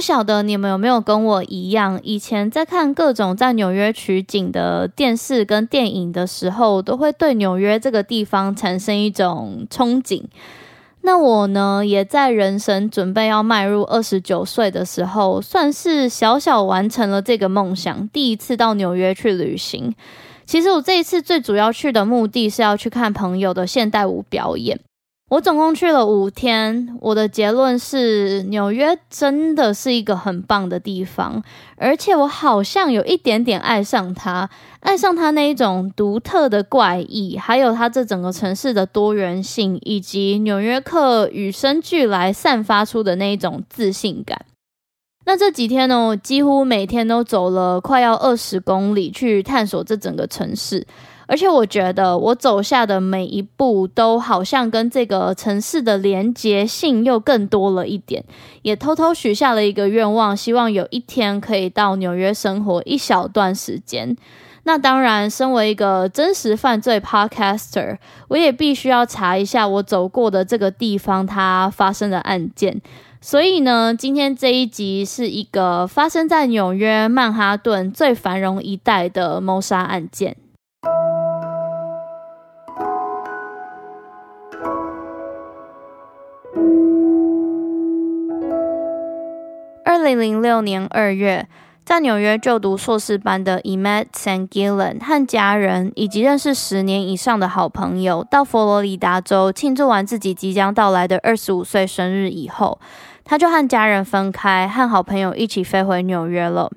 不曉得你們有沒有跟我一樣，以前在看各種在紐約取景的電視跟電影的時候，都會對紐約這個地方產生一種憧憬。那我呢，也在人生準備要邁入二十九歲的時候，算是小小完成了這個夢想，第一次到紐約去旅行。其實我這一次最主要去的目的，是要去看朋友的現代舞表演。我總共去了五天，我的結論是，紐約真的是一個很棒的地方，而且我好像有一點點愛上它，愛上它那一種獨特的怪異，還有它這整個城市的多元性，以及紐約客與生俱來散發出的那一種自信感。那這幾天呢、哦，我幾乎每天都走了快要二十公里，去探索這整個城市。而且我覺得，我走下的每一步都好像跟這個城市的連結性又更多了一點，也偷偷許下了一個願望，希望有一天可以到紐約生活一小段時間。那當然，身為一個真實犯罪 podcaster，我也必須要查一下我走過的這個地方它發生的案件。所以呢，今天這一集是一個發生在紐約曼哈頓最繁榮一帶的謀殺案件。二零零六年二月，在紐約就讀碩士班的 Imette St. Guillen 和家人以及認識十年以上的好朋友，到佛羅里達州慶祝完自己即將到來的二十五歲生日以後，他就和家人分開，和好朋友一起飛回紐約了。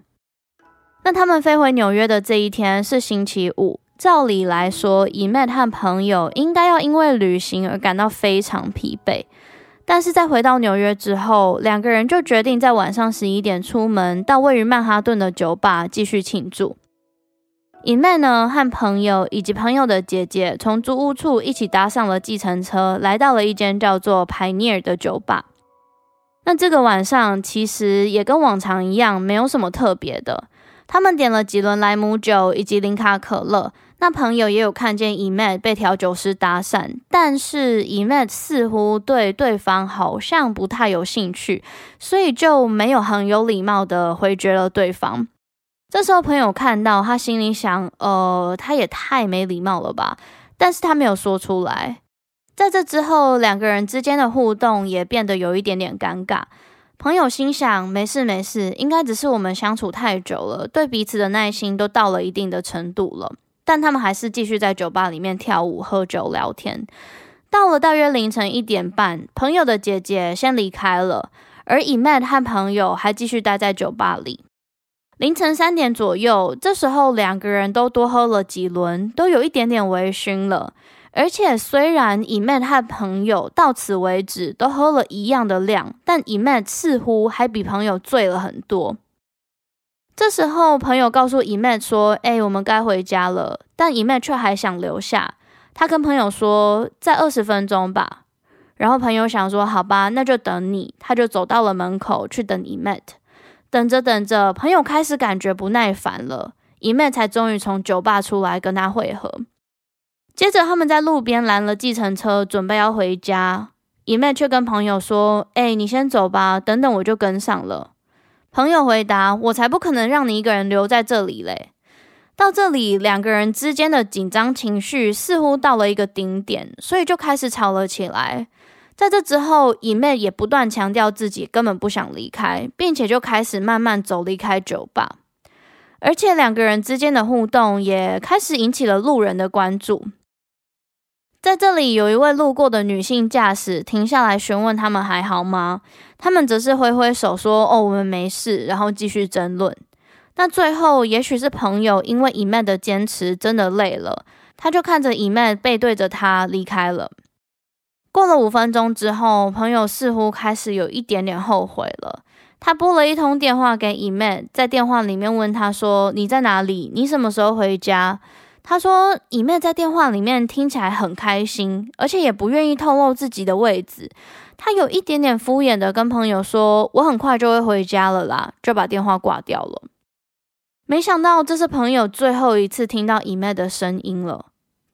那他們飛回紐約的這一天是星期五，照理來說，Imette 和朋友應該要因為旅行而感到非常疲憊。但是在回到紐約之後，兩個人就決定在晚上十一點出門，到位於曼哈頓的酒吧繼續慶祝。以妹呢，和朋友以及朋友的姐姐從租屋處一起搭上了計程車，來到了一間叫做 Pioneer 的酒吧。那這個晚上其實也跟往常一樣，沒有什麼特別的。他們點了幾輪萊姆酒以及零卡可樂。他朋友也有看見 Imette 被調酒師搭訕，但是 Imette 似乎對對方好像不太有興趣，所以就沒有很有禮貌的回絕了對方。這時候朋友看到他，心裡想：“呃，他也太沒禮貌了吧？”但是他沒有說出來。在這之後，兩個人之間的互動也變得有一點點尷尬。朋友心想：“沒事沒事，應該只是我們相處太久了，對彼此的耐心都到了一定的程度了。”但他們還是繼續在酒吧裡面跳舞、喝酒、聊天。到了大約凌晨一點半，朋友的姐姐先離開了，而 Imette 和朋友還繼續待在酒吧裡。凌晨三點左右，這時候兩個人都多喝了幾輪，都有一點點微醺了。而且雖然 Imette 和朋友到此為止都喝了一樣的量，但 Imette 似乎還比朋友醉了很多。這時候，朋友告訴伊妹說：“哎、欸，我們該回家了。”但伊妹卻還想留下。她跟朋友說：“再二十分鐘吧。”然後朋友想說：“好吧，那就等你。”他就走到了門口去等伊妹。等着等着，朋友開始感覺不耐煩了。伊妹才終於從酒吧出來跟他會合。接着，他們在路邊攔了計程車，準備要回家。伊妹卻跟朋友說：“哎、欸，你先走吧，等等我就跟上了。”朋友回答：“我才不可能讓你一個人留在這裡嘞！”到這裡，兩個人之間的緊張情緒似乎到了一個頂點，所以就開始吵了起來。在這之後，Imette 也不斷強調自己根本不想離開，並且就開始慢慢走離開酒吧。而且，兩個人之間的互動也開始引起了路人的關注。在這裡，有一位路過的女性駕駛停下來詢問他們還好嗎？他們只是揮揮手說：“哦，我們沒事。”然後繼續爭論。那最後，也許是朋友因為 Imette 的堅持真的累了，他就看着 Imette 背對着他離開了。過了五分鐘之後，朋友似乎開始有一點點後悔了，他撥了一通電話給 Imette，在電話裡面問他說：“你在哪裡？你什麼時候回家？”他說：“Imette 在電話裡面聽起來很開心，而且也不願意透露自己的位置。他有一點點敷衍的跟朋友說：‘我很快就會回家了啦。’就把電話掛掉了。沒想到這是朋友最後一次聽到 Imette 的聲音了。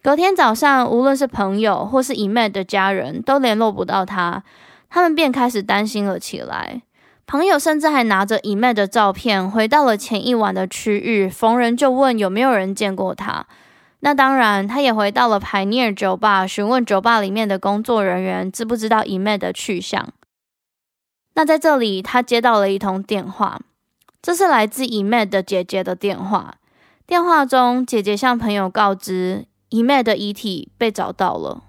隔天早上，無論是朋友或是 Imette 的家人，都聯絡不到他，他們便開始擔心了起來。朋友甚至還拿着 Imette 的照片，回到了前一晚的區域，逢人就問有沒有人見過他。”那當然，他也回到了排涅爾酒吧，詢問酒吧裡面的工作人員知不知道伊、e、妹的去向。那在這裡，他接到了一通電話，這是來自伊、e、妹的姐姐的電話。電話中，姐姐向朋友告知，伊、e、妹的遺體被找到了。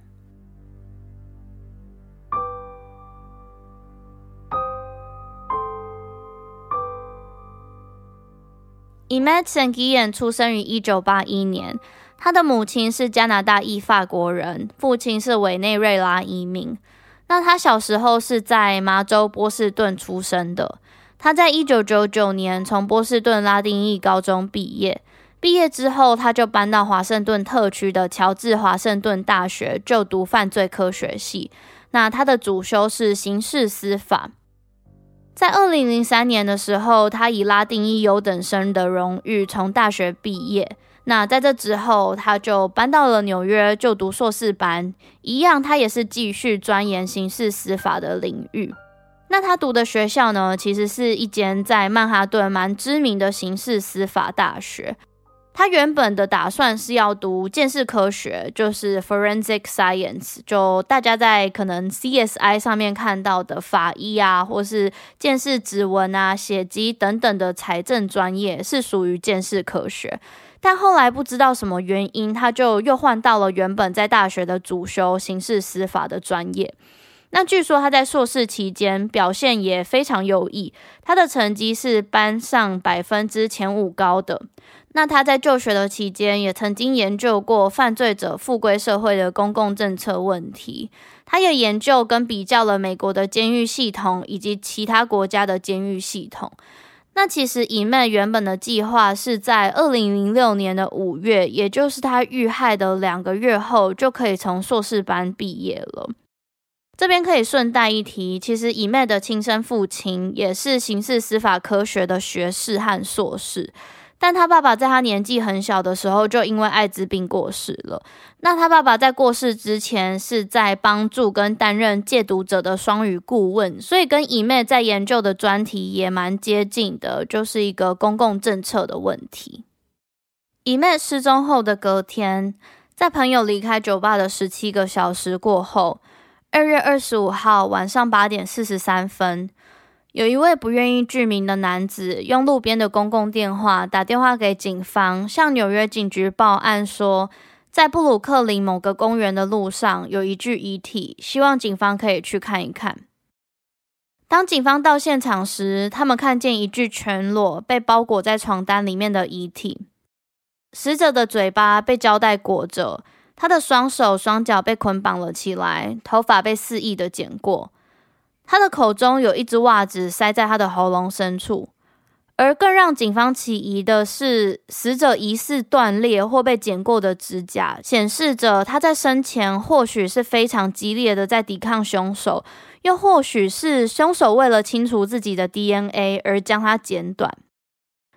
伊妹聖吉恩出生於一九八一年。他的母親是加拿大裔法國人，父親是委內瑞拉移民。那他小時候是在麻州波士頓出生的。他在一九九九年從波士頓拉丁裔高中畢業，畢業之後他就搬到華盛頓特區的喬治華盛頓大學就讀犯罪科學系。那他的主修是刑事司法。在二零零三年的時候，他以拉丁裔優等生的榮譽從大學畢業。那在這之後，他就搬到了紐約就讀碩士班，一樣，他也是繼續鑽研刑事司法的領域。那他讀的學校呢，其實是一間在曼哈頓蠻知名的刑事司法大學。他原本的打算是要讀鑑識科學，就是 forensic science，就大家在可能 CSI 上面看到的法醫啊，或是鑑識指紋啊、血跡等等的財政專業，是屬於鑑識科學。但後來不知道什麼原因，他就又換到了原本在大學的主修刑事司法的專業。那據說他在碩士期間表現也非常優異，他的成績是班上百分之前五高的。那他在就學的期間也曾經研究過犯罪者復歸社會的公共政策問題，他也研究跟比較了美國的監獄系統以及其他國家的監獄系統。那其實 Imette 原本的計劃是在二零零六年的五月，也就是她遇害的兩個月後，就可以從碩士班畢業了。這邊可以順帶一提，其實 Imette 的親生父親也是刑事司法科學的學士和碩士。但他爸爸在他年紀很小的時候就因為艾滋病過世了。那他爸爸在過世之前是在幫助跟擔任戒毒者的雙語顧問，所以跟 Imette 在研究的專題也蠻接近的，就是一個公共政策的問題。Imette 失蹤後的隔天，在朋友離開酒吧的十七個小時過後，二月二十五號晚上八點四十三分。有一位不願意具名的男子，用路邊的公共電話打電話給警方，向紐約警局報案說，在布魯克林某個公園的路上有一具遺體，希望警方可以去看一看。當警方到現場時，他們看見一具全裸、被包裹在床單裡面的遺體，死者的嘴巴被膠帶裹着，他的雙手雙腳被捆綁了起來，頭髮被肆意的剪過。他的口中有一隻襪子塞在他的喉嚨深處，而更讓警方起疑的是，死者疑似斷裂或被剪過的指甲，顯示着他在生前或許是非常激烈的在抵抗凶手，又或許是凶手為了清除自己的 DNA 而將他剪短。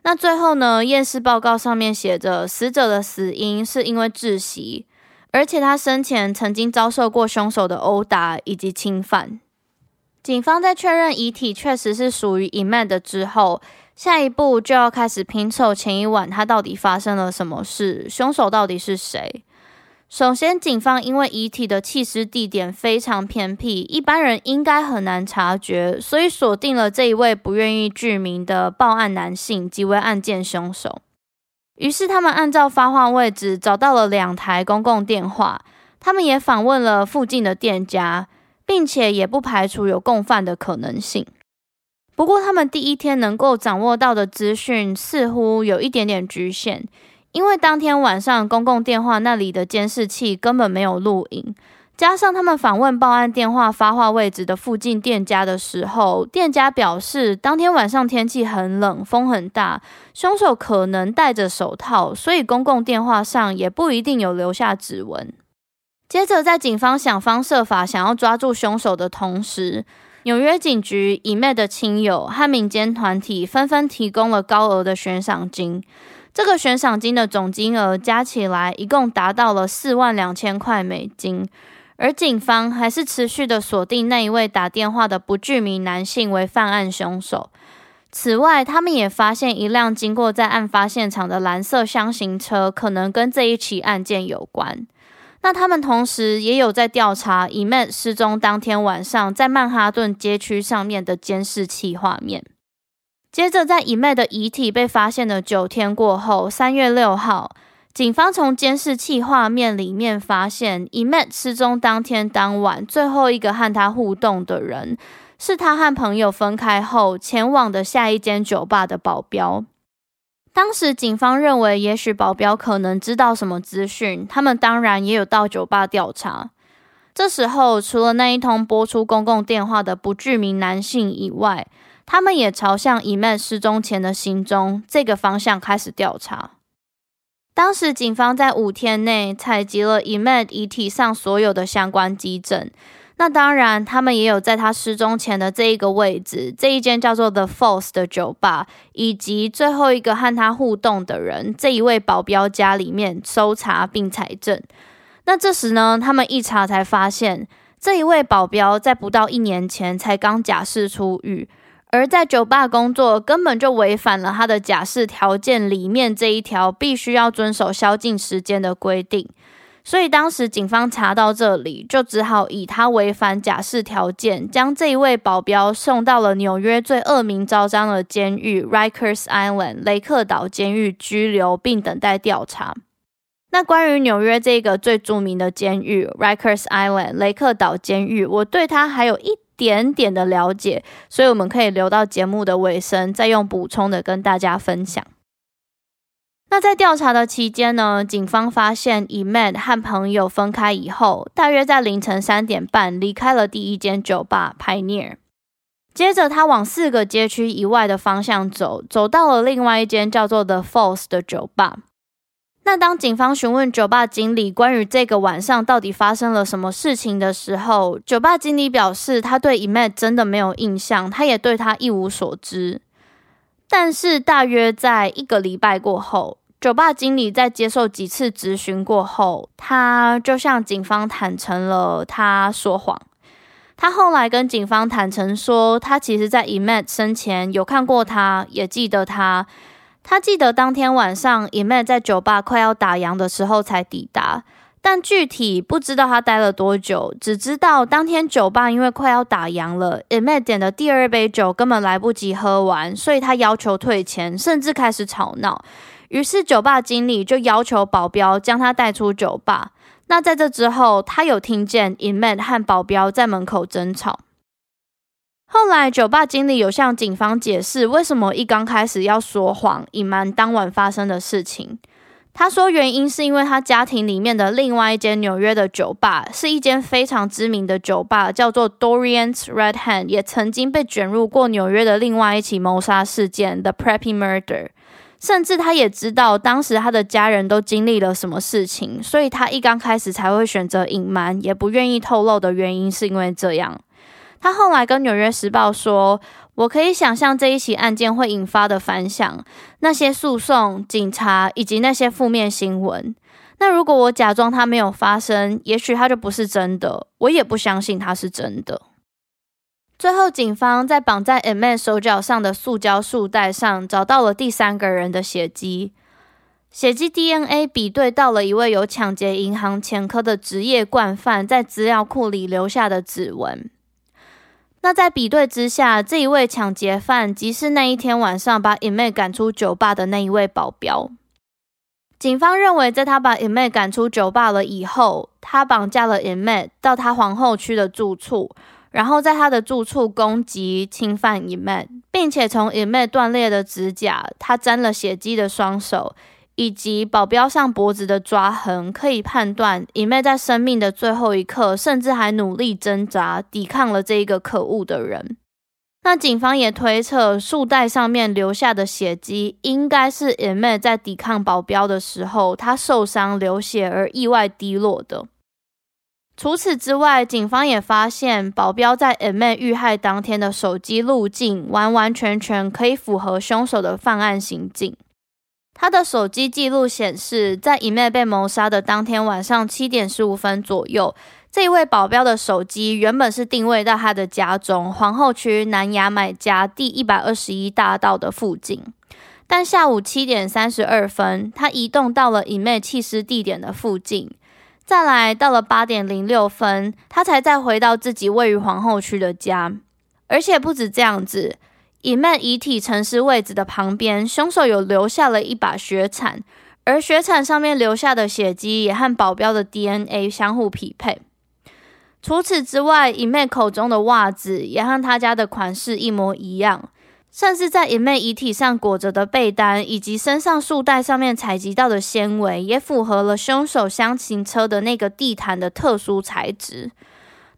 那最後呢？驗屍報告上面寫着，死者的死因是因為窒息，而且他生前曾經遭受過凶手的毆打以及侵犯。警方在確認遺體確實是屬於 Imette 的之後，下一步就要開始拼湊前一晚他到底發生了什麼事，兇手到底是誰？首先，警方因為遺體的棄屍地點非常偏僻，一般人應該很難察覺，所以鎖定了這一位不願意具名的報案男性即為案件兇手。於是，他們按照發話位置找到了兩台公共電話，他們也訪問了附近的店家。並且也不排除有共犯的可能性。不過，他們第一天能夠掌握到的資訊似乎有一點點侷限，因為當天晚上公共電話那裡的監視器根本沒有錄影。加上他們訪問報案電話發話位置的附近店家的時候，店家表示，當天晚上天氣很冷，風很大，兇手可能戴着手套，所以公共電話上也不一定有留下指紋。接着，在警方想方設法想要抓住凶手的同時，紐約警局、以妹的親友和民間團體紛紛提供了高額的懸賞金。這個懸賞金的總金額加起來一共達到了四萬兩千塊美金。而警方還是持續地鎖定那一位打電話的不具名男性為犯案凶手。此外，他們也發現一輛經過在案發現場的藍色廂型車，可能跟這一起案件有關。那他們同時也有在調查伊、e、曼失蹤當天晚上在曼哈頓街區上面的監視器畫面。接着在、e，在伊曼的遺體被發現的九天過後，三月六號，警方從監視器畫面裡面發現、e，伊曼失蹤當天當晚最後一個和她互動的人，是她和朋友分開後前往的下一間酒吧的保鏢。當時警方認為，也許保鏢可能知道什麼資訊，他們當然也有到酒吧調查。這時候，除了那一通撥出公共電話的不具名男性以外，他們也朝向伊曼失蹤前的行蹤這個方向開始調查。當時警方在五天內採集了伊曼遺體上所有的相關跡證。那當然，他們也有在他失蹤前的這一個位置，這一間叫做 The Falls 的酒吧，以及最後一個和他互動的人，這一位保鏢家裡面搜查並採證。那這時呢，他們一查才發現，這一位保鏢在不到一年前才剛假釋出獄，而在酒吧工作根本就違反了他的假釋條件裡面這一條，必須要遵守宵禁時間的規定。所以當時警方查到這裡，就只好以他違反假釋條件，將這一位保鏢送到了紐約最惡名昭彰的監獄 ——Rikers Island（ 雷克島監獄）拘留，並等待調查。那關於紐約這個最著名的監獄 ——Rikers Island（ 雷克島監獄），我對它還有一點點的了解，所以我們可以留到節目的尾聲，再用補充的跟大家分享。那在調查的期間呢，警方發現 Imette 和朋友分開以後，大約在凌晨三點半離開了第一間酒吧 Pioneer，接着他往四個街區以外的方向走，走到了另外一間叫做 The Falls 的酒吧。那當警方詢問酒吧經理關於這個晚上到底發生了什麼事情的時候，酒吧經理表示他對 Imette 真的沒有印象，他也對他一無所知。但是大約在一個禮拜過後。酒吧經理在接受幾次諮詢過後，他就向警方坦承了，他說謊。他後來跟警方坦承說，他其實在 Imette 生前有看過他，也記得他。他記得當天晚上 Imette 在酒吧快要打烊的時候才抵達，但具體不知道他待了多久，只知道當天酒吧因為快要打烊了，Imette 點的第二杯酒根本來不及喝完，所以他要求退錢，甚至開始吵鬧。於是，酒吧經理就要求保鏢將他帶出酒吧。那在這之後，他有聽見 e 曼和保鏢在門口爭吵。後來，酒吧經理有向警方解釋為什麼一剛開始要說謊，隱瞞當晚發生的事情。他說，原因是因為他家庭裡面的另外一間紐約的酒吧，是一間非常知名的酒吧，叫做 Dorian's Red Hand，也曾經被捲入過紐約的另外一起謀殺事件，The Preppy Murder。甚至他也知道當時他的家人都經歷了什麼事情，所以他一剛開始才會選擇隱瞞，也不願意透露的原因是因為這樣。他後來跟《紐約時報》說：“我可以想象這一起案件會引發的反響，那些訴訟、警察以及那些負面新聞。那如果我假裝它沒有發生，也許它就不是真的。我也不相信它是真的。”最後，警方在綁在 Imette 手腳上的塑膠束帶上找到了第三個人的血跡，血迹 DNA 比對到了一位有搶劫銀行前科的職業慣犯在資料庫裡留下的指紋。那在比對之下，這一位搶劫犯即是那一天晚上把 Imette 趕出酒吧的那一位保鏢。警方認為，在他把 Imette 趕出酒吧了以後，他綁架了 Imette 到他皇後區的住處。然後在他的住處攻擊侵犯伊妹，並且從伊妹斷裂的指甲、他沾了血跡的雙手以及保鏢上脖子的抓痕，可以判斷伊妹在生命的最後一刻，甚至還努力掙扎抵抗了這個可惡的人。那警方也推測，束帶上面留下的血跡應該是伊妹在抵抗保鏢的時候，他受傷流血而意外滴落的。除此之外，警方也發現保鏢在 Imette 遇害當天的手機路徑完完全全可以符合兇手的犯案行徑。他的手機記錄顯示，在 Imette 被謀殺的當天晚上七點十五分左右，這一位保鏢的手機原本是定位到他的家中皇後區南牙買加第一百二十一大道的附近，但下午七點三十二分，他移動到了 Imette 棄屍地點的附近。再來到了八點零六分，他才再回到自己位於皇後區的家，而且不止這樣子，以妹遺體陳屍位置的旁邊，兇手有留下了一把雪鏟，而雪鏟上面留下的血跡也和保鏢的 DNA 相互匹配。除此之外，以妹口中的襪子也和他家的款式一模一樣。甚至在 Imette 遺體上裹着的被單，以及身上束帶上面採集到的纖維，也符合了凶手廂型車的那個地毯的特殊材質。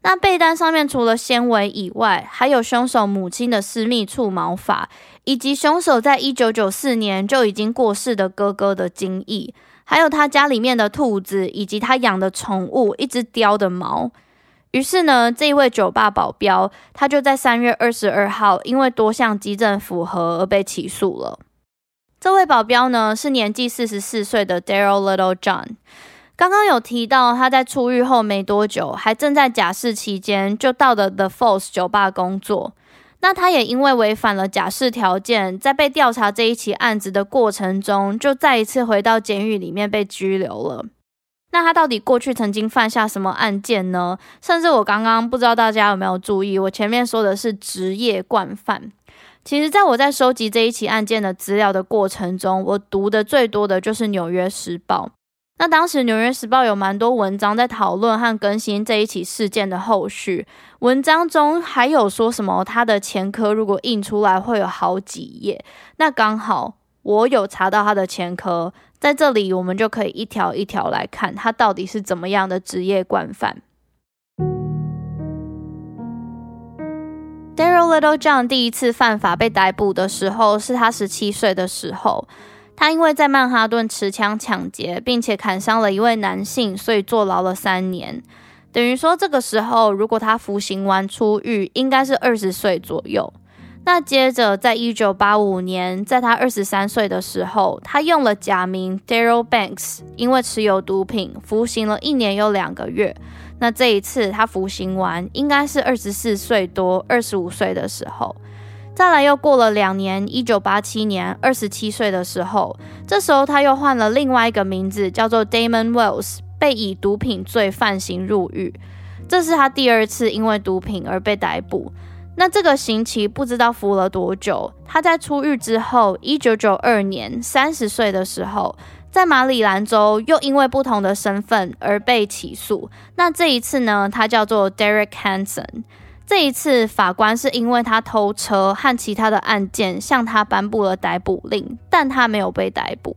那被單上面除了纖維以外，還有凶手母親的私密處毛髮，以及凶手在一九九四年就已經過世的哥哥的精液，還有他家裡面的兔子以及他養的寵物一隻貂的毛。於是呢，這一位酒吧保鏢，他就在三月二十二號，因為多項跡證符合而被起訴了。這位保鏢呢，是年紀四十四歲的 Daryl Little John。剛剛有提到，他在出獄後沒多久，還正在假釋期間，就到了 The Falls 酒吧工作。那他也因為違反了假釋條件，在被調查這一起案子的過程中，就再一次回到監獄裡面被拘留了。那他到底過去曾經犯下什麼案件呢？甚至我剛剛不知道大家有沒有注意，我前面說的是職業慣犯。其實，在我在收集這一起案件的資料的過程中，我讀的最多的就是《紐約時報》。那當時《紐約時報》有蠻多文章在討論和更新這一起事件的後續。文章中還有說什麼他的前科如果印出來會有好幾頁。那剛好我有查到他的前科。在這裡，我們就可以一條一條來看，他到底是怎麼樣的職業慣犯。Darryl Littlejohn 第一次犯法被逮捕的時候，是他十七歲的時候。他因為在曼哈頓持槍搶劫，並且砍傷了一位男性，所以坐牢了三年。等於說，這個時候如果他服刑完出獄，應該是二十歲左右。那接着，在一九八五年，在他二十三歲的時候，他用了假名 Daryl Banks，因為持有毒品服刑了一年又兩個月。那這一次他服刑完，應該是二十四歲多、二十五歲的時候。再來又過了兩年，一九八七年二十七歲的時候，這時候他又換了另外一個名字，叫做 Damon Wells，被以毒品罪判刑入獄。這是他第二次因為毒品而被逮捕。那這個刑期不知道服了多久。他在出獄之後，一九九二年三十歲的時候，在馬里蘭州又因為不同的身份而被起訴。那這一次呢，他叫做 Derek Hanson。這一次法官是因為他偷車和其他的案件向他頒布了逮捕令，但他沒有被逮捕。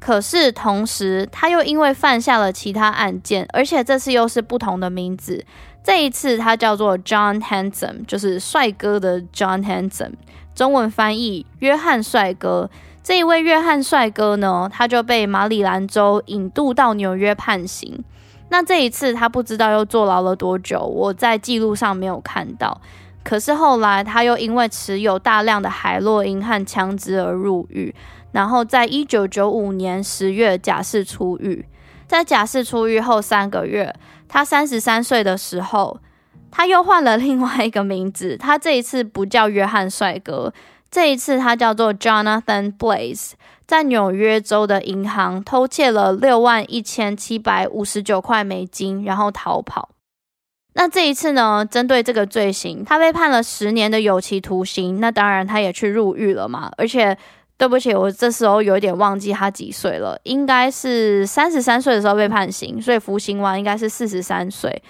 可是同時，他又因為犯下了其他案件，而且這次又是不同的名字。這一次他叫做 John Handsome，就是帥哥的 John Handsome，中文翻譯約翰帥哥。這一位約翰帥哥呢，他就被馬里蘭州引渡到紐約判刑。那這一次他不知道又坐牢了多久，我在記錄上沒有看到。可是後來他又因為持有大量的海洛因和槍支而入獄。然後，在一九九五年十月，假釋出獄。在假釋出獄後三個月，他三十三歲的時候，他又換了另外一個名字。他這一次不叫約翰帥哥，這一次他叫做 Jonathan Blaze，在紐約州的銀行偷竊了六萬一千七百五十九塊美金，然後逃跑。那這一次呢，針對這個罪行，他被判了十年的有期徒刑。那當然，他也去入獄了嘛，而且。對不起，我這時候有點忘記他幾歲了，應該是三十三歲的時候被判刑，所以服刑完應該是四十三歲。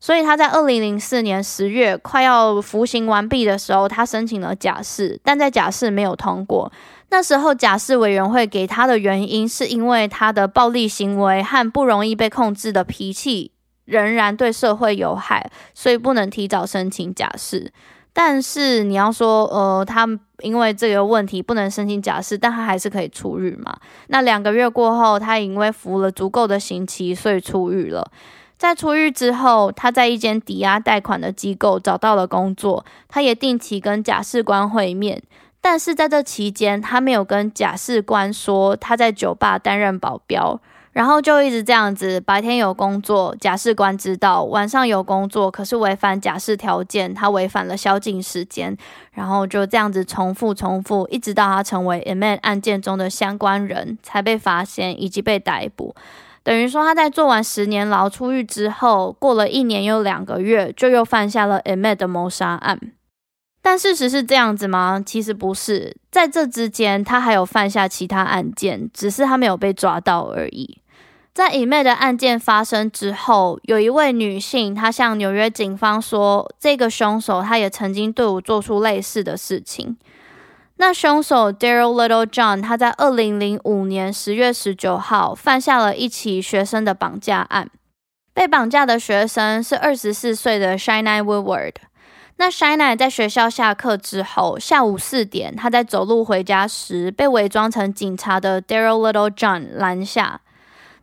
所以他在二零零四年十月快要服刑完畢的時候，他申請了假釋，但在假釋沒有通過。那時候假釋委員會給他的原因是因為他的暴力行為和不容易被控制的脾氣仍然對社會有害，所以不能提早申請假釋。但是你要說，呃，他因為這個問題不能申請假釋，但他還是可以出獄嘛？那兩個月過後，他也因為服了足夠的刑期，所以出獄了。在出獄之後，他在一間抵押貸款的機構找到了工作，他也定期跟假釋官會面。但是在這期間，他沒有跟假釋官說他在酒吧擔任保鏢。然後就一直這樣子，白天有工作，假釋官知道；晚上有工作，可是違反假釋條件，他違反了宵禁時間。然後就這樣子重複、重複，一直到他成為 Imette 案件中的相關人才被發現以及被逮捕。等於說，他在做完十年牢出獄之後，過了一年又兩個月，就又犯下了 Imette 的謀殺案。但事實是這樣子嗎？其實不是，在這之間，他還有犯下其他案件，只是他沒有被抓到而已。在以妹的案件發生之後，有一位女性，她向紐約警方說：“這個兇手，他也曾經對我做出類似的事情。”那兇手 Daryl Little John，他在二零零五年十月十九號犯下了一起學生的綁架案。被綁架的學生是二十四歲的 Shinae Woodward。那 Shinae 在學校下課之後，下午四點，他在走路回家時，被偽裝成警察的 Daryl Little John 攔下。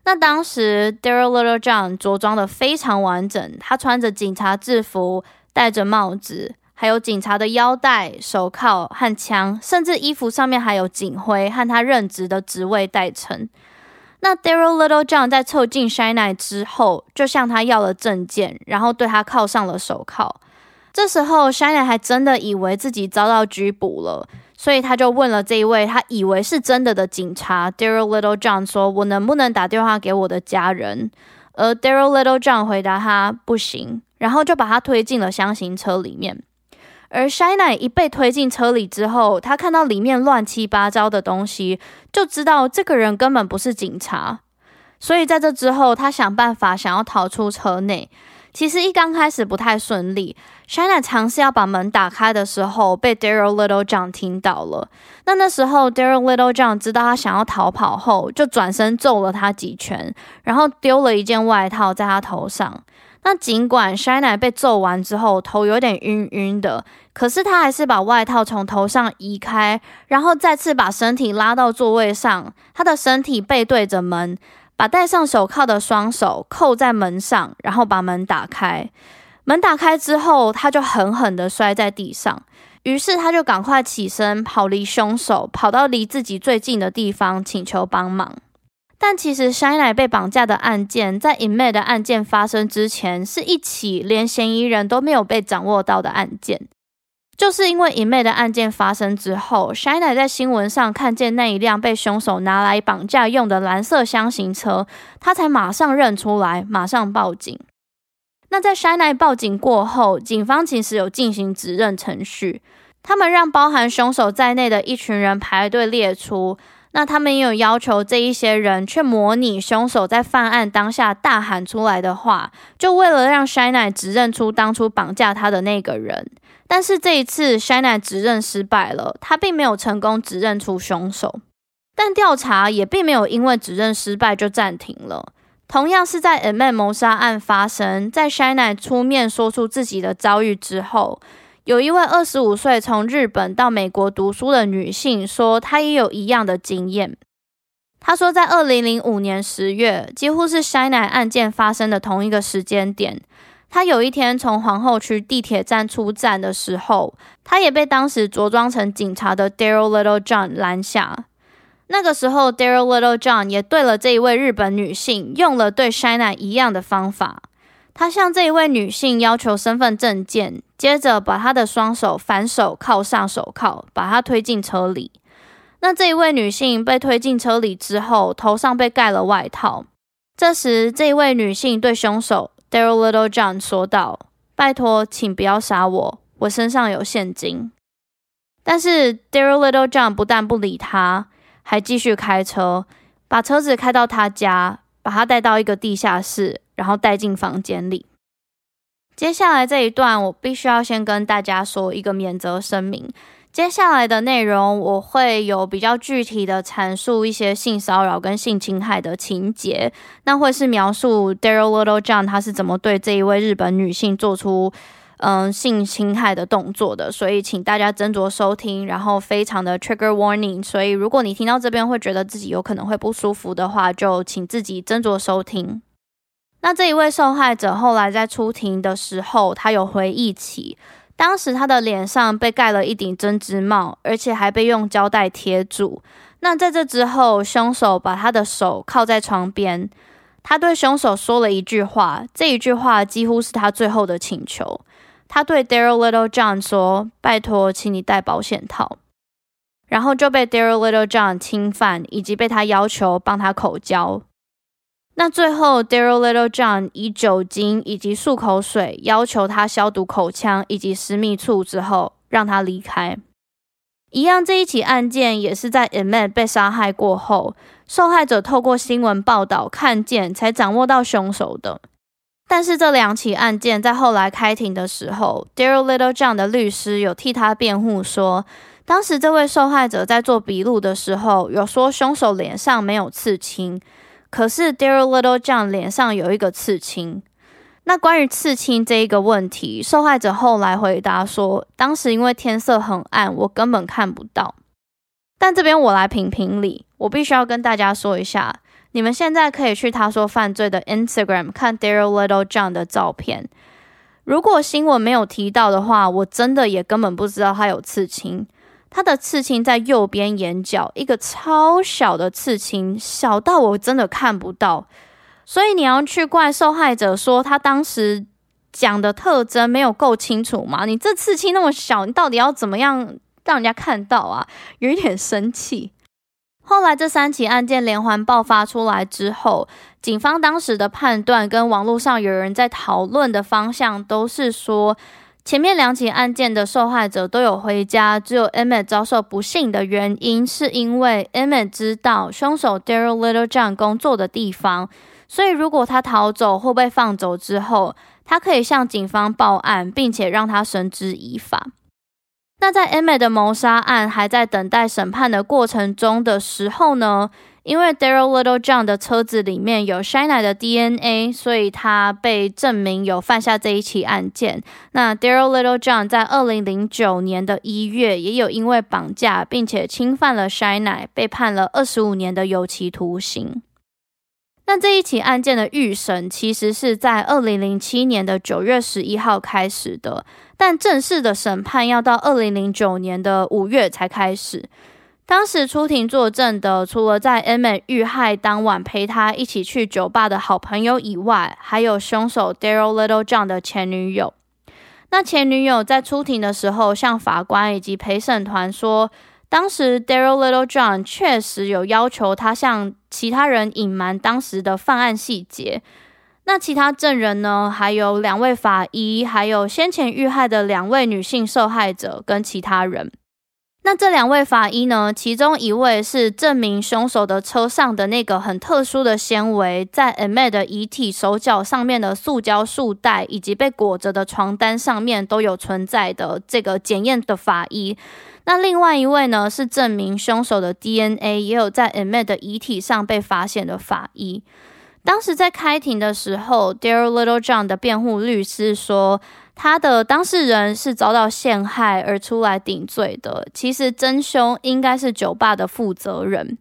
那當時，Daryl Littlejohn 着裝得非常完整，他穿着警察制服，戴着帽子，還有警察的腰帶、手銬和槍，甚至衣服上面還有警徽和他任職的職位代稱。那 Daryl Littlejohn 在湊近 Shina 之後，就向他要了證件，然後對他銬上了手銬。這時候 Shina 還真的以為自己遭到拘捕了。所以他就問了這一位他以為是真的的警察 Daryl Littlejohn 說：“我能不能打電話給我的家人？”而 Daryl Littlejohn 回答他不行，然後就把他推進了箱型車裡面。而 Shinae 一被推進車裡之後，他看到裡面亂七八糟的東西，就知道這個人根本不是警察。所以在這之後，他想辦法想要逃出車內。其實一剛開始不太順利，Shaina 嘗試要把門打開的時候，被 Daryl Littlejohn 聽到了。那那時候 Daryl Littlejohn 知道他想要逃跑後，就轉身揍了他幾拳，然後丟了一件外套在他頭上。那儘管 Shaina 被揍完之後頭有點暈暈的，可是他還是把外套從頭上移開，然後再次把身體拉到座位上。他的身體背對着門，把戴上手銬的雙手扣在門上，然後把門打開。門打開之後，他就狠狠的摔在地上。於是他就趕快起身跑離兇手，跑到離自己最近的地方請求幫忙。但其實山乃被綁架的案件，在 Imette 的案件發生之前，是一起連嫌疑人都沒有被掌握到的案件。就是因為 Imette 的案件發生之後 Shina 在新聞上看見那一輛被凶手拿來綁架用的藍色箱型車，他才馬上認出來，馬上報警。那在 Shina 報警過後，警方其實有進行指認程序，他們讓包含凶手在內的一群人排隊列出，那他們也有要求這一些人去模擬凶手在犯案當下大喊出來的話，就為了讓 Shina 指認出當初綁架他的那個人。但是這一次 Shina 指認失敗了，他並沒有成功指認出兇手。但調查也並沒有因為指認失敗就暫停了。同樣是在 Imette 謀殺案發生在 Shina 出面說出自己的遭遇之後，有一位二十五歲從日本到美國讀書的女性說，她也有一樣的經驗。她說，在二零零五年十月，幾乎是 Shina 案件發生的同一個時間點。他有一天從皇後區地鐵站出站的時候，他也被當時着裝成警察的 Darryl Littlejohn 攔下。那個時候，Darryl Littlejohn 也對了這一位日本女性用了對 Shaina 一樣的方法。他向這一位女性要求身份證件，接着把她的雙手反手銬上手銬，把她推進車裡。那這一位女性被推進車裡之後，頭上被蓋了外套。這時，這一位女性對凶手。Darryl Littlejohn 說道：“拜託，請不要殺我，我身上有現金。”但是 Darryl Littlejohn 不但不理他，還繼續開車，把車子開到他家，把他帶到一個地下室，然後帶進房間裡。接下來這一段，我必須要先跟大家說一個免責聲明。接下來的內容，我會有比較具體的闡述一些性騷擾跟性侵害的情節，那會是描述 Daryl Littlejohn 他是怎麼對這一位日本女性做出嗯性侵害的動作的，所以請大家斟酌收聽，然後非常的 trigger warning，所以如果你聽到這邊會覺得自己有可能會不舒服的話，就請自己斟酌收聽。那這一位受害者後來在出庭的時候，他有回憶起，當時他的臉上被蓋了一頂針織帽，而且還被用膠帶貼住。那在這之後，兇手把他的手靠在床邊，他對兇手說了一句話，這一句話幾乎是他最後的請求。他對 Daryl Little John 說：“拜託，請你戴保險套。”然後就被 Daryl Little John 侵犯，以及被他要求幫他口交。那最後，Daryl Little John 以酒精以及漱口水要求他消毒口腔以及私密處之後，讓他離開。一樣，這一起案件也是在 Imette 被殺害過後，受害者透過新聞報道看見才掌握到兇手的。但是這兩起案件在後來開庭的時候，Daryl Little John 的律師有替他辯護說，當時這位受害者在做筆錄的時候有說兇手臉上沒有刺青。可是 Daryl Little John 臉上有一個刺青。那關於刺青這一個問題，受害者後來回答說，當時因為天色很暗，我根本看不到。但這邊我來評評理，我必須要跟大家說一下，你們現在可以去他說犯罪的 Instagram 看 Daryl Little John 的照片。如果新聞沒有提到的話，我真的也根本不知道他有刺青。他的刺青在右邊眼角，一個超小的刺青，小到我真的看不到。所以你要去怪受害者說他當時講的特徵沒有夠清楚嗎？你這刺青那麼小，你到底要怎麼樣讓人家看到啊？有一點生氣。後來這三起案件連環爆發出來之後，警方當時的判斷跟網絡上有人在討論的方向都是說，前面兩起案件的受害者都有回家，只有艾美遭受不幸的原因，是因為艾美知道兇手 Daryl Littlejohn 工作的地方，所以如果他逃走或被放走之後，他可以向警方報案，並且讓他繩之以法。那在艾美的謀殺案還在等待審判的過程中的時候呢？因為 Daryl Littlejohn 的車子裡面有 Shina 的 DNA，所以他被證明有犯下這一起案件。那 Daryl Littlejohn 在二零零九年的一月也有因為綁架並且侵犯了 Shina，被判了二十五年的有期徒刑。那這一起案件的預審其實是在二零零七年的九月十一號開始的，但正式的審判要到二零零九年的五月才開始。當時出庭作證的，除了在 Imette 遇害當晚陪他一起去酒吧的好朋友以外，還有兇手 Daryl Littlejohn 的前女友。那前女友在出庭的時候，向法官以及陪審團說，當時 Daryl Littlejohn 確實有要求他向其他人隱瞞當時的犯案細節。那其他證人呢？還有兩位法醫，還有先前遇害的兩位女性受害者跟其他人。那這兩位法醫呢，其中一位是證明凶手的車上的那個很特殊的纖維，在 Imette 的遺體手腳上面的塑膠束帶以及被裹着的床單上面都有存在的這個檢驗的法醫。那另外一位呢，是證明凶手的 DNA 也有在 Imette 的遺體上被發現的法醫。當時在開庭的時候，Daryl Little John 的辯護律師說。他的當事人是遭到陷害而出來頂罪的，其實真兇應該是酒吧的負責人。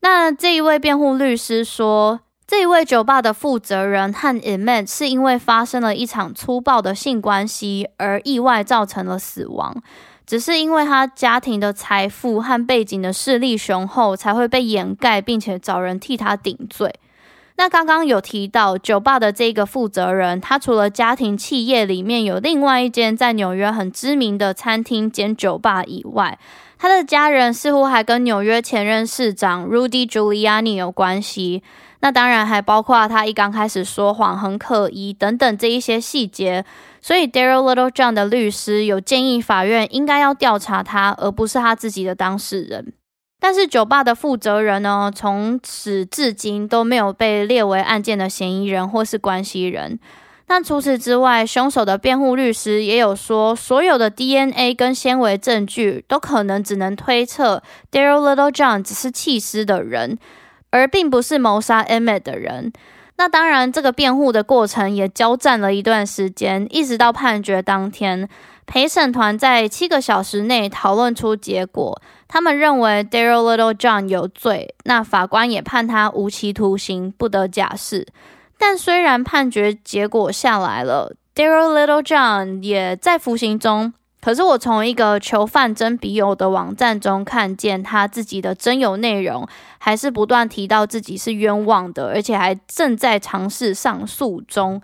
那這一位辯護律師說，這一位酒吧的負責人和 Imette 是因為發生了一場粗暴的性關係而意外造成了死亡，只是因為他家庭的財富和背景的勢力雄厚，才會被掩蓋，並且找人替他頂罪。那剛剛有提到酒吧的這個負責人，他除了家庭企業裡面有另外一間在紐約很知名的餐廳兼酒吧以外，他的家人似乎還跟紐約前任市長 Rudy Giuliani 有關係。那當然還包括他一剛開始說謊很可疑等等這一些細節。所以 Darryl Littlejohn 的律師有建議法院應該要調查他，而不是他自己的當事人。但是酒吧的負責人呢，從始至今都沒有被列為案件的嫌疑人或是關係人。但除此之外，凶手的辯護律師也有說，所有的 DNA 跟纖維證據都可能只能推測 Daryl Littlejohn 只是棄屍的人，而並不是謀殺 Imette 的人。那當然，這個辯護的過程也交戰了一段時間，一直到判決當天。陪審團在七個小時內討論出結果，他們認為 Daryl Little John 有罪，那法官也判他無期徒刑，不得假釋。但雖然判決結果下來了，Daryl Little John 也在服刑中，可是我從一個囚犯徵筆友的網站中看見他自己的徵友內容，還是不斷提到自己是冤枉的，而且還正在嘗試上訴中。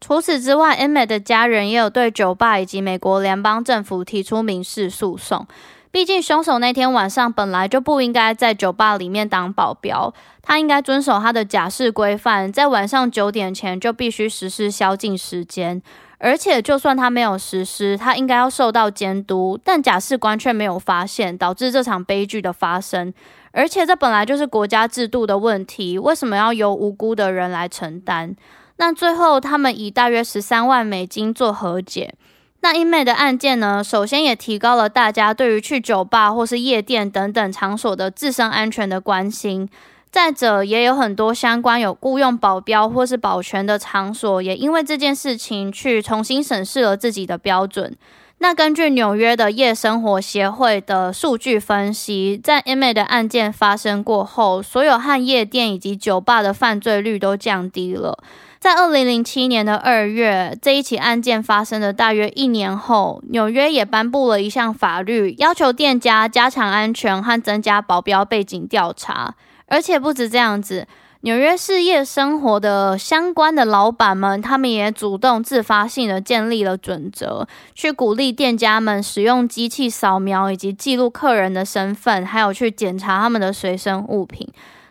除此之外，Imette 的家人也有對酒吧以及美國聯邦政府提出民事訴訟。畢竟，凶手那天晚上本來就不應該在酒吧裡面當保鏢，他應該遵守他的假釋規範，在晚上九點前就必須實施宵禁時間。而且，就算他沒有實施，他應該要受到監督，但假釋官卻沒有發現，導致這場悲劇的發生。而且，這本來就是國家制度的問題，為什麼要由無辜的人來承擔？那最後，他們以大約十三萬美金做和解。那 Imette 的案件呢？首先也提高了大家對於去酒吧或是夜店等等場所的自身安全的關心。再者，也有很多相關有僱傭保鏢或是保全的場所，也因為這件事情去重新審視了自己的標準。那根據紐約的夜生活協會的數據分析，在 Imette 的案件發生過後，所有和夜店以及酒吧的犯罪率都降低了。在二零零七年的二月，這一起案件發生的大約一年後，紐約也頒布了一項法律，要求店家加強安全和增加保鏢背景調查。而且不止這樣子，紐約夜生活的相關的老闆們，他們也主動自發性的建立了準則，去鼓勵店家們使用機器掃描以及記錄客人的身份，還有去檢查他們的隨身物品。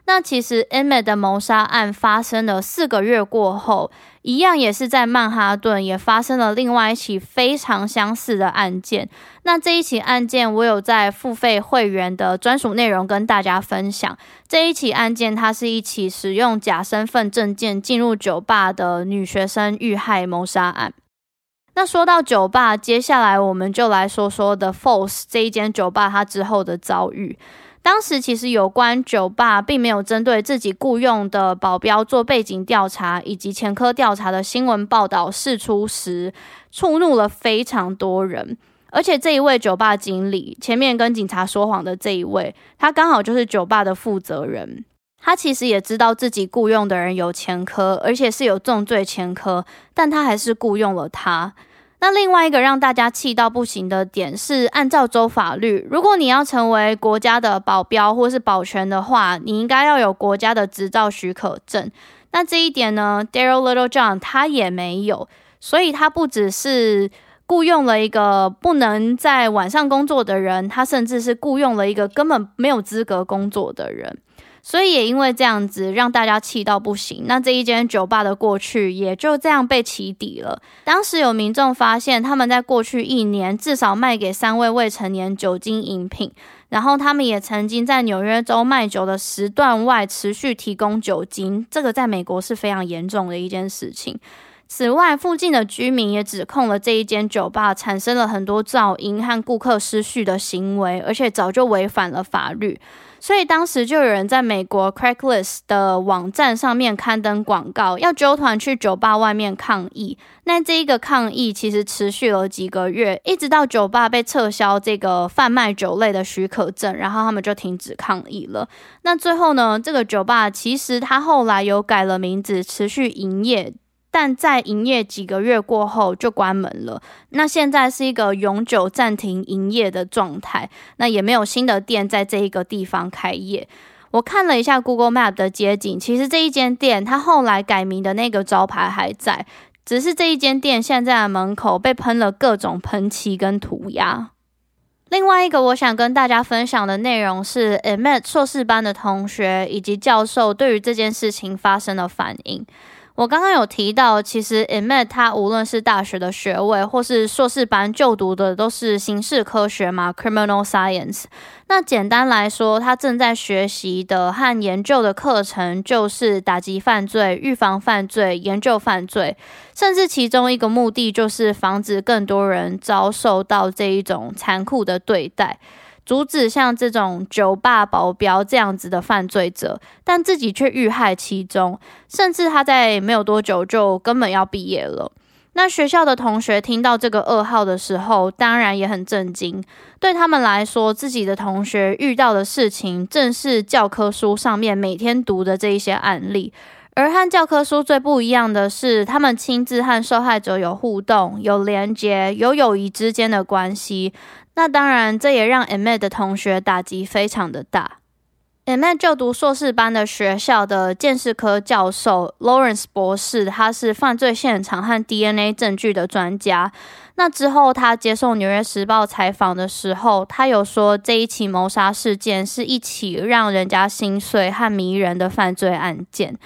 那其實 Imette 的謀殺案發生了四個月過後，一樣也是在曼哈頓也發生了另外一起非常相似的案件。那這一起案件，我有在付費會員的專屬內容跟大家分享。這一起案件，它是一起使用假身份證件進入酒吧的女學生遇害謀殺案。那說到酒吧，接下來我們就來說說 The Falls 這一間酒吧它之後的遭遇。當時其實有關酒吧並沒有針對自己僱傭的保鏢做背景調查以及前科調查的新聞報道釋出時，觸怒了非常多人。而且這一位酒吧經理前面跟警察說謊的這一位，他剛好就是酒吧的負責人。他其實也知道自己僱傭的人有前科，而且是有重罪前科，但他還是僱傭了他。那另外一個讓大家氣到不行的點是，按照州法律，如果你要成為國家的保鏢或是保全的話，你應該要有國家的執照許可證。那這一點呢，Darryl Littlejohn 他也沒有，所以他不只是雇傭了一個不能在晚上工作的人，他甚至是雇傭了一個根本沒有資格工作的人。所以也因為這樣子，讓大家氣到不行。那這一間酒吧的過去也就這樣被起底了。當時有民眾發現，他們在過去一年至少賣給三位未成年酒精飲品，然後他們也曾經在紐約州賣酒的時段外持續提供酒精，這個在美國是非常嚴重的一件事情。此外，附近的居民也指控了這一間酒吧產生了很多噪音和顧客失序的行為，而且早就違反了法律。所以當時就有人在美國 Craigslist 的網站上面刊登廣告，要糾團去酒吧外面抗議。那這一個抗議其實持續了幾個月，一直到酒吧被撤銷這個販賣酒類的許可證，然後他們就停止抗議了。那最後呢，這個酒吧其實它後來有改了名字，持續營業。但在營業幾個月過後就關門了。那現在是一個永久暫停營業的狀態。那也沒有新的店在這一個地方開業。我看了一下 Google Map 的街景，其實這一間店它後來改名的那個招牌還在，只是這一間店現在的門口被噴了各種噴漆跟塗鴉。另外一個我想跟大家分享的內容是，Imette 碩士班的同學以及教授對於這件事情發生的反應。我剛剛有提到，其實 Imette 它無論是大學的學位，或是碩士班就讀的，都是刑事科學嘛，criminal science。那簡單來說，他正在學習的和研究的課程就是打擊犯罪、預防犯罪、研究犯罪，甚至其中一個目的就是防止更多人遭受到這一種殘酷的對待。阻止像這種酒吧保鏢這樣子的犯罪者，但自己卻遇害其中，甚至他在沒有多久就根本要畢業了。那學校的同學聽到這個噩耗的時候，當然也很震驚。對他們來說，自己的同學遇到的事情，正是教科書上面每天讀的這一些案例。而和教科書最不一樣的是，他們親自和受害者有互動、有連接、有友誼之間的關係。那當然，這也讓艾妹的同學打擊非常的大。艾妹就讀碩士班的學校的鑑識科教授 Lawrence 博士，他是犯罪現場和 DNA 證據的專家。那之後，他接受《紐約時報》採訪的時候，他有說這一起謀殺事件是一起讓人家心碎和迷人的犯罪案件。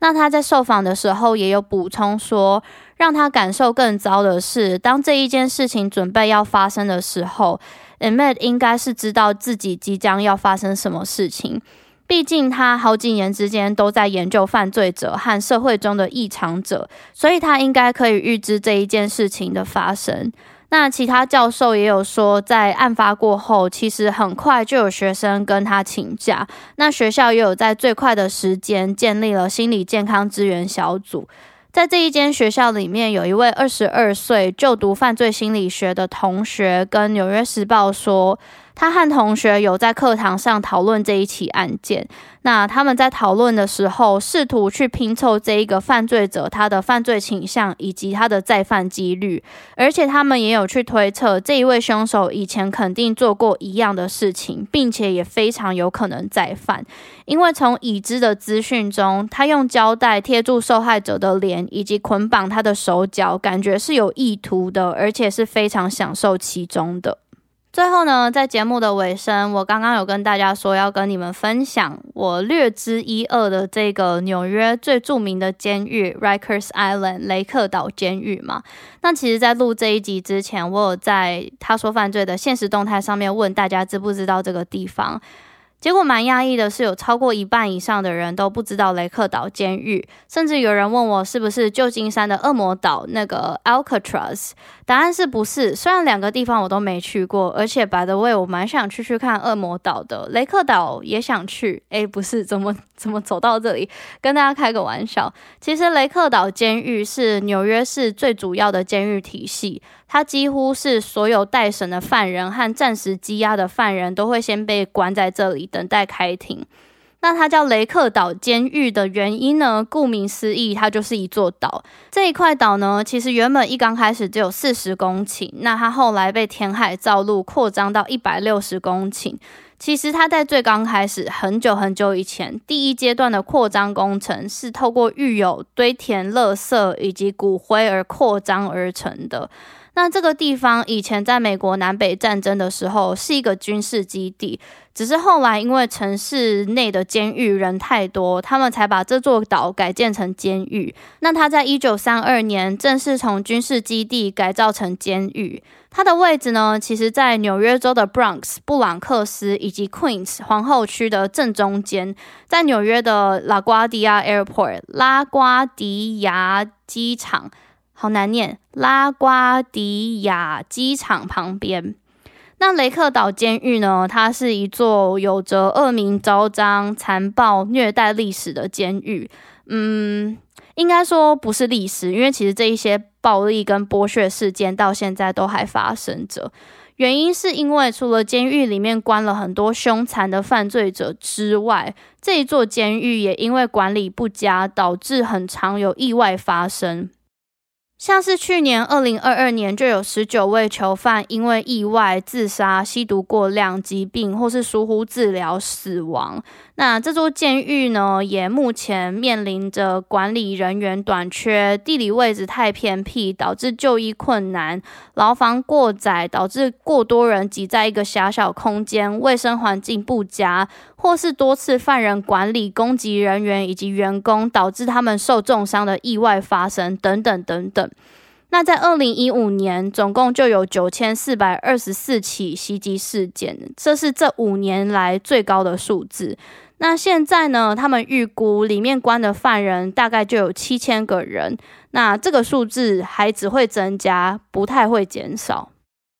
那他在受訪的時候也有補充說，讓他感受更糟的是，當這一件事情準備要發生的時候，Imette 應該是知道自己即將要發生什麼事情。畢竟他好幾年之間都在研究犯罪者和社會中的異常者，所以他應該可以預知這一件事情的發生。那其他教授也有說，在案發過後，其實很快就有學生跟他請假。那學校也有在最快的時間建立了心理健康資源小組。在這一間學校裡面，有一位二十二歲就讀犯罪心理學的同學跟《紐約時報》說。他和同學有在課堂上討論這一起案件。那他們在討論的時候，試圖去拼湊這一個犯罪者他的犯罪傾向以及他的再犯幾率。而且他們也有去推測，這一位兇手以前肯定做過一樣的事情，並且也非常有可能再犯。因為從已知的資訊中，他用膠帶貼住受害者的臉，以及捆綁他的手腳，感覺是有意圖的，而且是非常享受其中的。最後呢，在節目的尾聲，我剛剛有跟大家說要跟你們分享我略知一二的這個紐約最著名的監獄 ——Rikers Island（ 雷克島監獄）嘛。那其實，在錄這一集之前，我有在《她說犯罪》的現實動態上面問大家知不知道這個地方。結果蠻壓抑的，是有超過一半以上的人都不知道雷克島監獄，甚至有人問我是不是舊金山的惡魔島那個 Alcatraz，答案是不是。雖然兩個地方我都沒去過，而且 by the way，我蠻想去去看惡魔島的，雷克島也想去。哎，不是，怎麼怎麼走到這裡？跟大家開個玩笑，其實雷克島監獄是紐約市最主要的監獄體系。它幾乎是所有待審的犯人和暫時羈押的犯人都會先被關在這裡等待開庭。那它叫雷克島監獄的原因呢？顧名思義，它就是一座島。這一塊島呢，其實原本一剛開始只有四十公頃，那它後來被填海造陸擴張到一百六十公頃。其實它在最剛開始，很久很久以前，第一階段的擴張工程是透過獄友堆填垃圾以及骨灰而擴張而成的。那這個地方以前在美國南北戰爭的時候是一個軍事基地，只是後來因為城市內的監獄人太多，他們才把這座島改建成監獄。那它在一九三二年正式從軍事基地改造成監獄。它的位置呢，其實，在紐約州的 Bronx 布朗克斯以及 Queens 皇後區的正中間，在紐約的拉瓜迪亞 Airport 拉瓜迪亞機場。好難念，拉瓜迪亞機場旁邊，那雷克島監獄呢，它是一座有着惡名昭彰、殘暴虐待歷史的監獄。嗯，應該說不是歷史，因為其實這一些暴力跟剝削事件到現在都還發生着。原因是因為除了監獄裡面關了很多凶殘的犯罪者之外，這一座監獄也因為管理不佳，導致很常有意外發生。像是去年二零二二年，就有十九位囚犯因為意外、自殺、吸毒過量、疾病或是疏忽治療死亡。那這座監獄呢，也目前面臨着管理人員短缺、地理位置太偏僻，導致就醫困難；牢房過窄，導致過多人擠在一個狹小空間，衛生環境不佳。或是多次犯人管理，攻擊人員以及員工，導致他們受重傷的意外發生等等等等。那在二零一五年，總共就有九千四百二十四起襲擊事件，這是這五年來最高的數字。那現在呢？他們預估裡面關的犯人大概就有七千個人。那這個數字還只會增加，不太會減少。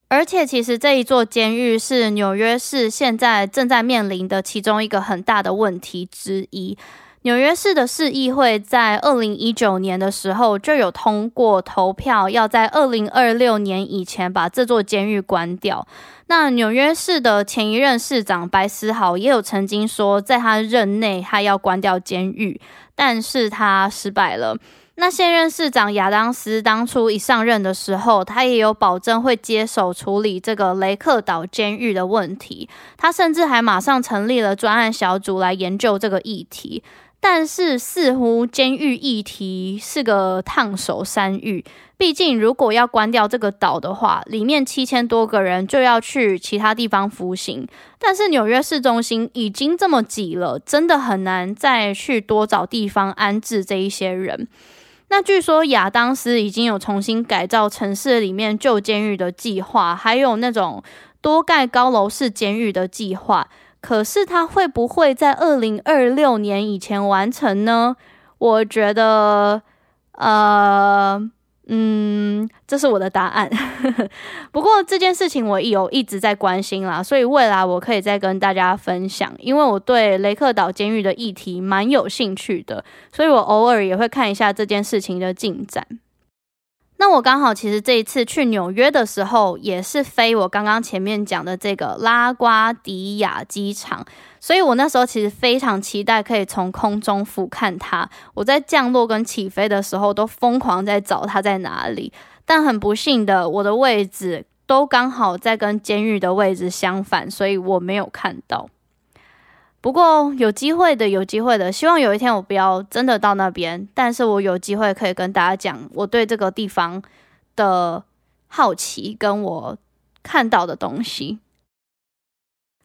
而且，其實這一座監獄是紐約市現在正在面臨的其中一個很大的問題之一。紐約市的市議會，在二零一九年的時候就有通過投票，要在二零二六年以前把這座監獄關掉。那紐約市的前一任市長白思豪也有曾經說，在他任內他要關掉監獄，但是他失敗了。那現任市長亞當斯當初一上任的時候，他也有保證會接手處理這個雷克島監獄的問題。他甚至還馬上成立了專案小組來研究這個議題。但是，似乎監獄議題是個燙手山芋，畢竟如果要關掉這個島的話，裡面七千多個人就要去其他地方服刑。但是紐約市中心已經這麼擠了，真的很難再去多找地方安置這一些人。那據說亞當斯已經有重新改造城市裡面舊監獄的計劃，還有那種多蓋高樓式監獄的計劃。可是他會不會在二零二六年以前完成呢？我覺得，呃。嗯，這是我的答案。 不過這件事情我有一直在關心啦，所以未來我可以再跟大家分享，因為我對雷克島監獄的議題蠻有興趣的，所以我偶爾也會看一下這件事情的進展。那我剛好其實這一次去紐約的時候，也是飛我剛剛前面講的這個拉瓜迪亞機場，所以我那時候其實非常期待可以從空中俯瞰它。我在降落跟起飛的時候都瘋狂在找它在哪裡，但很不幸的，我的位置都剛好在跟監獄的位置相反，所以我沒有看到。不過有機會的，有機會的。希望有一天我不要真的到那邊，但是我有機會可以跟大家講我對這個地方的好奇跟我看到的東西。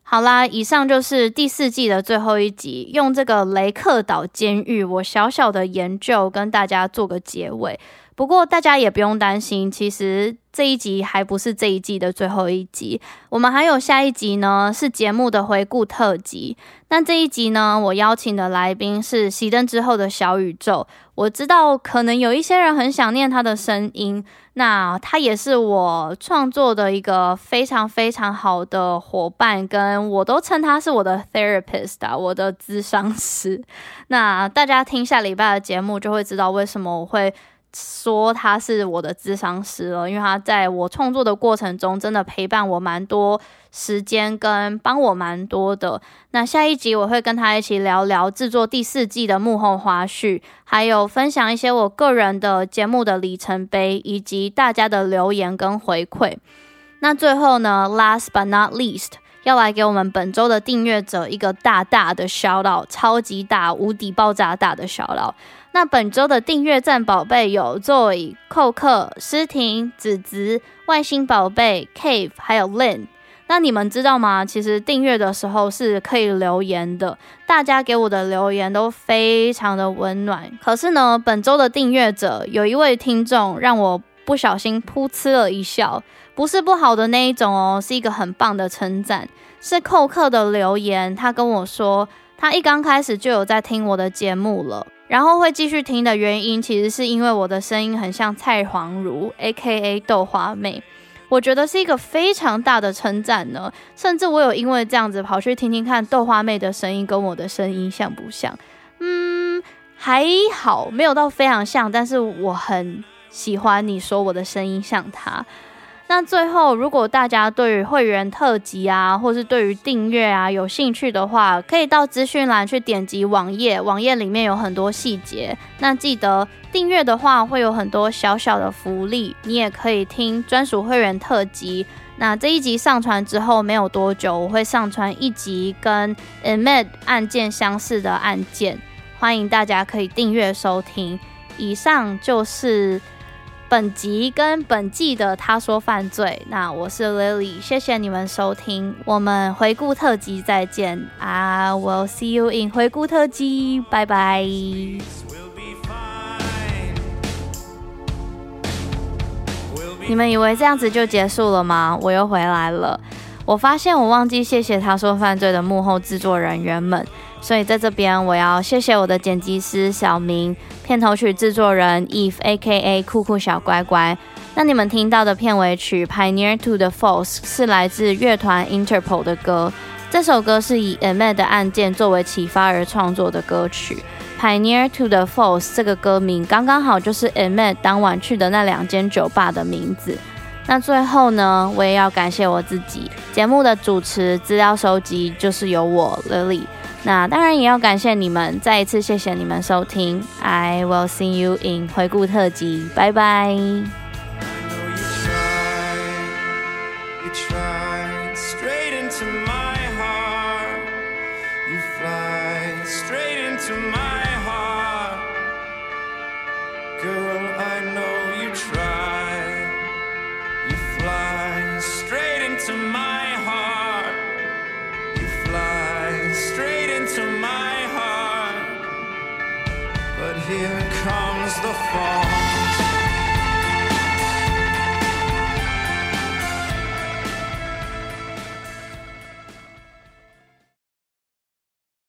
好啦，以上就是第四季的最後一集，用這個雷克島監獄我小小的研究跟大家做個結尾。不過大家也不用擔心，其實這一集還不是這一季的最後一集，我們還有下一集呢，是節目的回顧特輯。那這一集呢，我邀請的來賓是熄燈之後的小宇宙。我知道可能有一些人很想念他的聲音，那他也是我創作的一個非常非常好的夥伴，跟我都稱他是我的 therapist 啊，我的諮商師。那大家聽下禮拜的節目就會知道為什麼我會。說他是我的諮商師了，因為他在我創作的過程中真的陪伴我蠻多時間，跟幫我蠻多的。那下一集我會跟他一起聊聊制作第四季的幕後花絮，還有分享一些我個人的節目的里程碑，以及大家的留言跟回饋。那最後呢，last but not least，要來給我們本周的訂閱者一個大大的 shout out，超級大、無敵爆炸大的 shout out。那本周的訂閱站寶貝有 Zoe、寇克、詩婷、子植、外星寶貝、Cave 還有 Lin。那你們知道嗎？其實訂閱的時候是可以留言的，大家給我的留言都非常的溫暖。可是呢，本周的訂閱者有一位聽眾讓我不小心噗嗤了一笑，不是不好的那一種哦，是一個很棒的稱讚，是寇克的留言。他跟我說，他一剛開始就有在聽我的節目了。然後會繼續聽的原因，其實是因為我的聲音很像蔡黃汝，A.K.A. 豆花妹，我覺得是一個非常大的稱讚呢。甚至我有因為這樣子跑去聽聽看豆花妹的聲音跟我的聲音像不像，嗯，還好沒有到非常像，但是我很喜歡你說我的聲音像她。那最後，如果大家對於會員特輯啊，或是對於訂閱啊有興趣的話，可以到資訊欄去點擊網頁，網頁裡面有很多細節。那記得訂閱的話，會有很多小小的福利，你也可以聽專屬會員特輯。那這一集上傳之後沒有多久，我會上傳一集跟 Imette 案件相似的案件，歡迎大家可以訂閱收聽。以上就是。本集跟本季的他說犯罪，那我是 Lily，謝謝你們收聽，我們回顧特輯再見。I will see you in 回顧特輯，拜拜。Oh, 你們以為這樣子就結束了嗎？我又回來了，我發現我忘記謝謝他說犯罪的幕後製作人員們。所以在這邊，我要謝謝我的剪輯師小明，片頭曲制作人 Eve A.K.A. 酷酷小乖乖。那你們聽到的片尾曲《Pioneer to the Falls》是來自樂團 Interpol 的歌。這首歌是以 Imette 的案件作為啟發而創作的歌曲。《Pioneer to the Falls》這個歌名剛剛好就是 Imette 當晚去的那兩間酒吧的名字。那最後呢，我也要感謝我自己，節目的主持、資料收集就是由我 Lily。那當然也要感謝你們，再一次謝謝你們收聽，I will see you in 回顧特輯，拜拜。